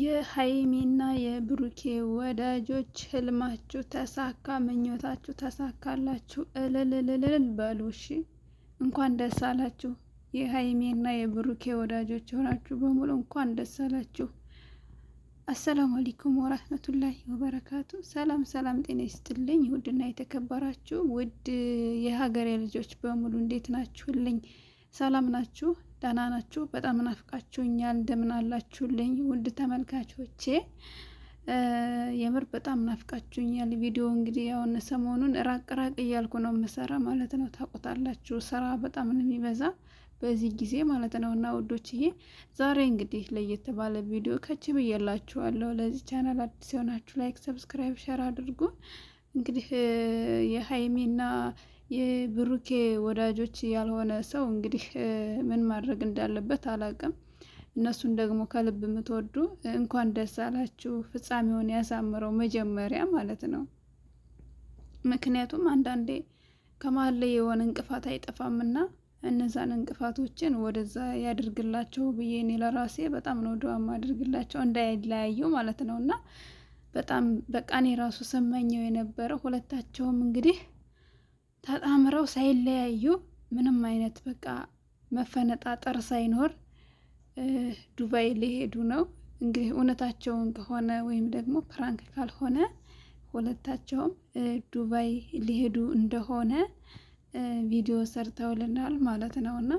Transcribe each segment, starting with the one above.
የሀይሚና የብሩኬ ወዳጆች ህልማችሁ ተሳካ፣ ምኞታችሁ ተሳካላችሁ፣ እልልልልል በሉ። እሺ እንኳን ደስ አላችሁ። የሀይሜና የብሩኬ ወዳጆች የሆናችሁ በሙሉ እንኳን ደስ አላችሁ። አሰላሙ አሊኩም ወራህመቱላሂ ወበረካቱ። ሰላም ሰላም፣ ጤና ይስጥልኝ ውድና የተከበራችሁ ውድ የሀገሬ ልጆች በሙሉ እንዴት ናችሁልኝ? ሰላም ናችሁ? ደህና ናችሁ? በጣም ናፍቃችሁኛል። እንደምን አላችሁልኝ ውድ ተመልካቾቼ? የምር በጣም ናፍቃችሁኛል። ቪዲዮ እንግዲህ ያውን ሰሞኑን ራቅ ራቅ እያልኩ ነው የምሰራ ማለት ነው። ታውቁታላችሁ፣ ስራ በጣም ነው የሚበዛ በዚህ ጊዜ ማለት ነው። እና ይሄ ዛሬ እንግዲህ ለየት ባለ ቪዲዮ ከች ብዬላችኋለሁ። ለዚህ ቻናል አዲስ የሆናችሁ ላይክ፣ ሰብስክራይብ፣ ሸር አድርጉ። እንግዲህ የሀይሜና የብሩኬ ወዳጆች ያልሆነ ሰው እንግዲህ ምን ማድረግ እንዳለበት አላቅም። እነሱን ደግሞ ከልብ የምትወዱ እንኳን ደስ አላችሁ። ፍጻሜውን ያሳምረው መጀመሪያ ማለት ነው። ምክንያቱም አንዳንዴ ከመሀል ላይ የሆነ እንቅፋት አይጠፋምና እነዛን እንቅፋቶችን ወደዛ ያድርግላቸው ብዬ እኔ ለራሴ በጣም ነው ድዋ አድርግላቸው እንዳይለያዩ ማለት ነው። እና በጣም በቃ እኔ ራሱ ሰማኘው የነበረው ሁለታቸውም እንግዲህ ተጣምረው ሳይለያዩ ምንም አይነት በቃ መፈነጣጠር ሳይኖር ዱባይ ሊሄዱ ነው። እንግዲህ እውነታቸውን ከሆነ ወይም ደግሞ ፕራንክ ካልሆነ ሁለታቸውም ዱባይ ሊሄዱ እንደሆነ ቪዲዮ ሰርተውልናል ማለት ነው። እና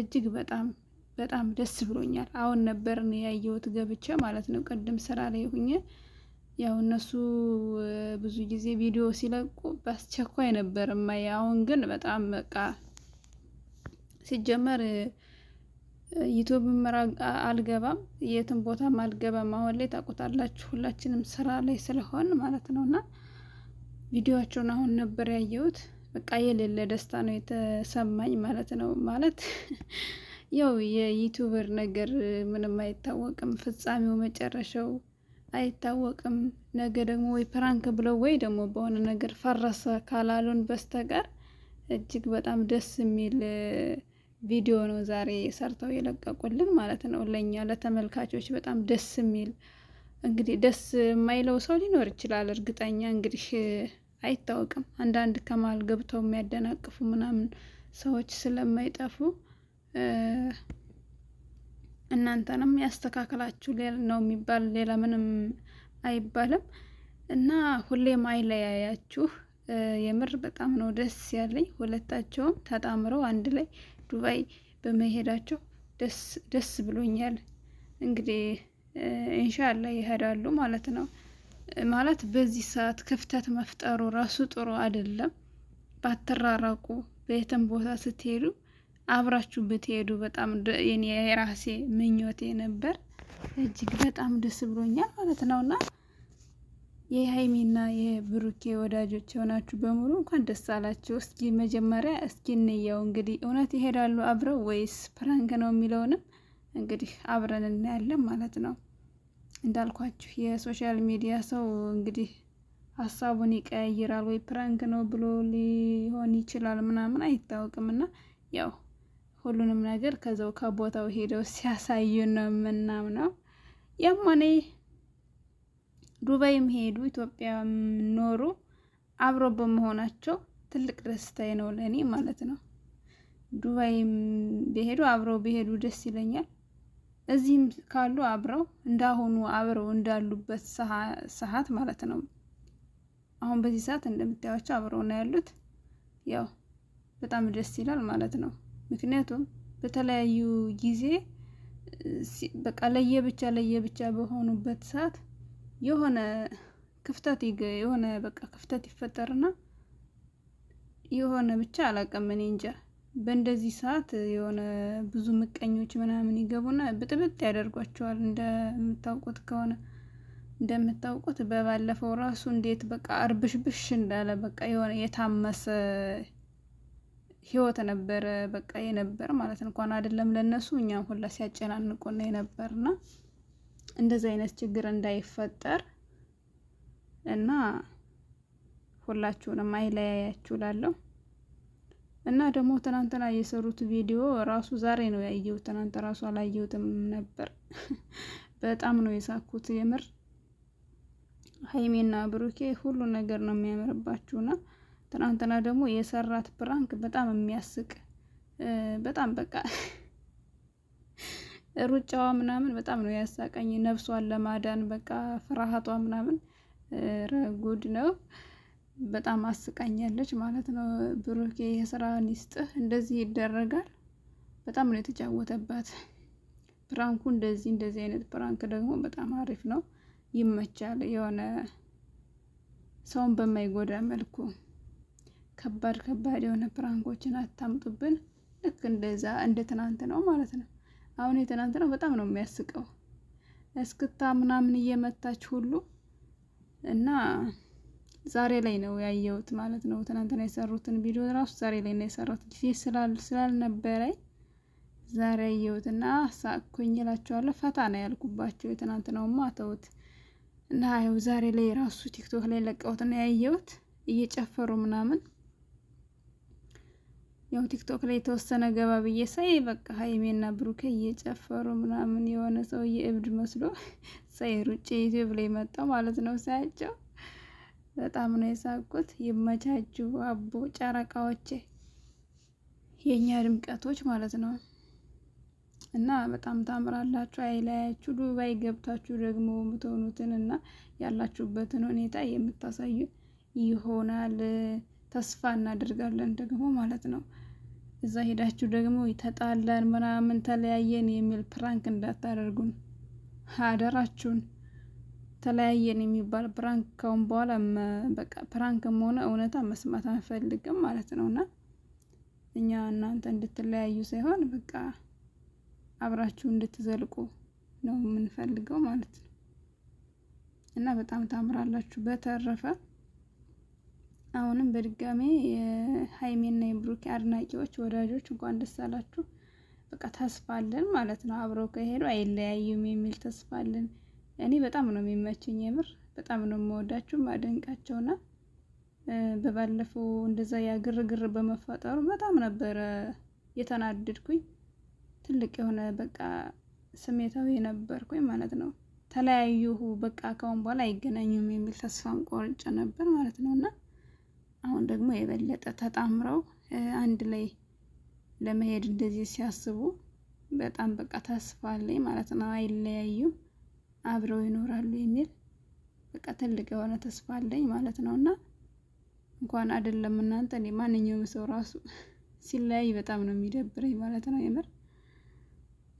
እጅግ በጣም በጣም ደስ ብሎኛል። አሁን ነበር ያየሁት ገብቼ ማለት ነው። ቅድም ስራ ላይ ሁኜ ያው እነሱ ብዙ ጊዜ ቪዲዮ ሲለቁ በአስቸኳይ ነበር ማየ። አሁን ግን በጣም በቃ ሲጀመር ዩቱብም አልገባም፣ የትም ቦታም አልገባም። አሁን ላይ ታውቁታላችሁ፣ ሁላችንም ስራ ላይ ስለሆን ማለት ነው። እና ቪዲዮቸውን አሁን ነበር ያየሁት። በቃ የሌለ ደስታ ነው የተሰማኝ ማለት ነው። ማለት ያው የዩቱበር ነገር ምንም አይታወቅም፣ ፍጻሜው መጨረሻው አይታወቅም። ነገ ደግሞ ወይ ፕራንክ ብለው ወይ ደግሞ በሆነ ነገር ፈረሰ ካላሉን በስተቀር እጅግ በጣም ደስ የሚል ቪዲዮ ነው ዛሬ ሰርተው የለቀቁልን ማለት ነው። ለእኛ ለተመልካቾች በጣም ደስ የሚል እንግዲህ ደስ የማይለው ሰው ሊኖር ይችላል። እርግጠኛ እንግዲህ አይታወቅም። አንዳንድ ከመሃል ገብተው የሚያደናቅፉ ምናምን ሰዎች ስለማይጠፉ እናንተንም ያስተካከላችሁ ነው የሚባል ሌላ ምንም አይባልም እና ሁሌም አይለያያችሁ። የምር በጣም ነው ደስ ያለኝ። ሁለታቸውም ተጣምረው አንድ ላይ ዱባይ በመሄዳቸው ደስ ብሎኛል። እንግዲህ ኢንሻአላህ ይሄዳሉ ማለት ነው። ማለት በዚህ ሰዓት ክፍተት መፍጠሩ ራሱ ጥሩ አይደለም። ባትራራቁ በየትም ቦታ ስትሄዱ አብራችሁ ብትሄዱ በጣም የራሴ ምኞቴ ነበር። እጅግ በጣም ደስ ብሎኛል ማለት ነው እና የሀይሚና የብሩኬ ወዳጆች የሆናችሁ በሙሉ እንኳን ደስ አላችሁ። እስኪ መጀመሪያ እስኪ እንየው እንግዲህ እውነት ይሄዳሉ አብረው ወይስ ፕራንክ ነው የሚለውንም እንግዲህ አብረን እናያለን ማለት ነው። እንዳልኳችሁ የሶሻል ሚዲያ ሰው እንግዲህ ሀሳቡን ይቀያይራል። ወይ ፕራንክ ነው ብሎ ሊሆን ይችላል ምናምን አይታወቅም እና ያው ሁሉንም ነገር ከዛው ከቦታው ሄደው ሲያሳዩ ነው የምናምነው። ያም ሆነ ዱባይም ሄዱ ኢትዮጵያ ኖሩ አብሮ በመሆናቸው ትልቅ ደስታዬ ነው ለእኔ ማለት ነው። ዱባይም ቢሄዱ አብረው ቢሄዱ ደስ ይለኛል። እዚህም ካሉ አብረው እንዳሁኑ አብረው እንዳሉበት ሰዓት ማለት ነው። አሁን በዚህ ሰዓት እንደምታያቸው አብረው ነው ያሉት። ያው በጣም ደስ ይላል ማለት ነው። ምክንያቱም በተለያዩ ጊዜ በቃ ለየብቻ ብቻ በሆኑበት ሰዓት የሆነ ክፍተት የሆነ በቃ ክፍተት ይፈጠርና የሆነ ብቻ አላውቅም እኔ እንጃ። በእንደዚህ ሰዓት የሆነ ብዙ ምቀኞች ምናምን ይገቡና ብጥብጥ ያደርጓቸዋል። እንደምታውቁት ከሆነ እንደምታውቁት በባለፈው ራሱ እንዴት በቃ እርብሽብሽ እንዳለ በቃ የሆነ የታመሰ ህይወት ነበረ በቃ የነበር ማለት እንኳን አይደለም ለነሱ እኛም ሁላ ሲያጨናንቁና የነበርና እንደዚህ አይነት ችግር እንዳይፈጠር እና ሁላችሁንም አይለያያችሁ ላለው እና ደግሞ ትናንትና የሰሩት ቪዲዮ ራሱ ዛሬ ነው ያየው። ትናንት ራሱ አላየሁትም ነበር። በጣም ነው የሳኩት የምር ሀይሜና ብሩኬ ሁሉ ነገር ነው የሚያምርባችሁና ትናንትና ደግሞ የሰራት ፕራንክ በጣም የሚያስቅ በጣም በቃ ሩጫዋ ምናምን በጣም ነው ያሳቀኝ። ነፍሷን ለማዳን በቃ ፍርሃቷ ምናምን ረጉድ ነው። በጣም አስቃኛለች ማለት ነው። ብሩኬ የስራን ይስጥህ። እንደዚህ ይደረጋል። በጣም ነው የተጫወተባት ፕራንኩ። እንደዚህ እንደዚህ አይነት ፕራንክ ደግሞ በጣም አሪፍ ነው፣ ይመቻል። የሆነ ሰውን በማይጎዳ መልኩ ከባድ ከባድ የሆነ ፕራንኮችን አታምጡብን። ልክ እንደዛ እንደ ትናንት ነው ማለት ነው። አሁን የትናንት ነው በጣም ነው የሚያስቀው እስክታ ምናምን እየመታች ሁሉ እና ዛሬ ላይ ነው ያየሁት ማለት ነው። ትናንትና የሰሩትን ቪዲዮ ራሱ ዛሬ ላይ ነው የሰሩት ጊዜ ስላልነበረኝ ዛሬ ያየሁት እና ሳቅኩኝ እላቸዋለሁ። ፈታ ነው ያልኩባቸው የትናንትናውማ ተውት እና ያው ዛሬ ላይ ራሱ ቲክቶክ ላይ ለቀውት ነው ያየሁት እየጨፈሩ ምናምን ያው ቲክቶክ ላይ የተወሰነ ገባ ብዬ ሳይ በቃ ሀይሜና ብሩኬ እየጨፈሩ ምናምን የሆነ ሰውዬ እብድ መስሎ ሳይ ሩጬ ዩቲዩብ ላይ መጣው ማለት ነው። ሳያቸው በጣም ነው የሳቁት። ይመቻቹ አቦ ጨረቃዎቼ፣ የእኛ ድምቀቶች ማለት ነው። እና በጣም ታምራላችሁ። አይለያችሁ። ዱባይ ገብታችሁ ደግሞ የምትሆኑትን እና ያላችሁበትን ሁኔታ የምታሳዩ ይሆናል። ተስፋ እናደርጋለን ደግሞ ማለት ነው። እዛ ሄዳችሁ ደግሞ ተጣላን ምናምን ተለያየን የሚል ፕራንክ እንዳታደርጉን አደራችሁን። ተለያየን የሚባል ፕራንክ ካሁን በኋላ በቃ ፕራንክም ሆነ እውነታ መስማት አንፈልግም ማለት ነው እና እኛ እናንተ እንድትለያዩ ሳይሆን በቃ አብራችሁ እንድትዘልቁ ነው የምንፈልገው ማለት ነው እና በጣም ታምራላችሁ። በተረፈ አሁንም በድጋሜ የሀይሜና የብሩኬ አድናቂዎች ወዳጆች እንኳን ደስ አላችሁ። በቃ ተስፋ አለን ማለት ነው። አብረው ከሄዱ አይለያዩም የሚል ተስፋ አለን። እኔ በጣም ነው የሚመችኝ፣ የምር በጣም ነው የምወዳችሁ ማደንቃቸውና በባለፈው እንደዛ ያግርግር በመፈጠሩ በጣም ነበረ የተናደድኩኝ። ትልቅ የሆነ በቃ ስሜታዊ የነበርኩኝ ማለት ነው። ተለያዩ፣ በቃ ካሁን በኋላ አይገናኙም የሚል ተስፋን ቆርጬ ነበር ማለት ነው እና አሁን ደግሞ የበለጠ ተጣምረው አንድ ላይ ለመሄድ እንደዚህ ሲያስቡ በጣም በቃ ተስፋ አለኝ ማለት ነው። አይለያዩም፣ አብረው ይኖራሉ የሚል በቃ ትልቅ የሆነ ተስፋ አለኝ ማለት ነው። እና እንኳን አይደለም እናንተ እኔ ማንኛውም ሰው ራሱ ሲለያይ በጣም ነው የሚደብረኝ ማለት ነው የምር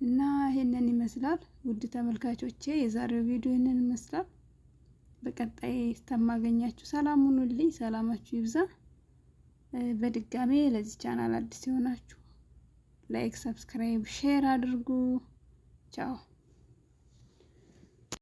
እና ይህንን ይመስላል ውድ ተመልካቾቼ የዛሬው ቪዲዮ ይህንን ይመስላል። በቀጣይ እስከማገኛችሁ ሰላም ሁኑልኝ። ሰላማችሁ ይብዛ። በድጋሜ ለዚህ ቻናል አዲስ የሆናችሁ ላይክ፣ ሰብስክራይብ፣ ሼር አድርጉ። ቻው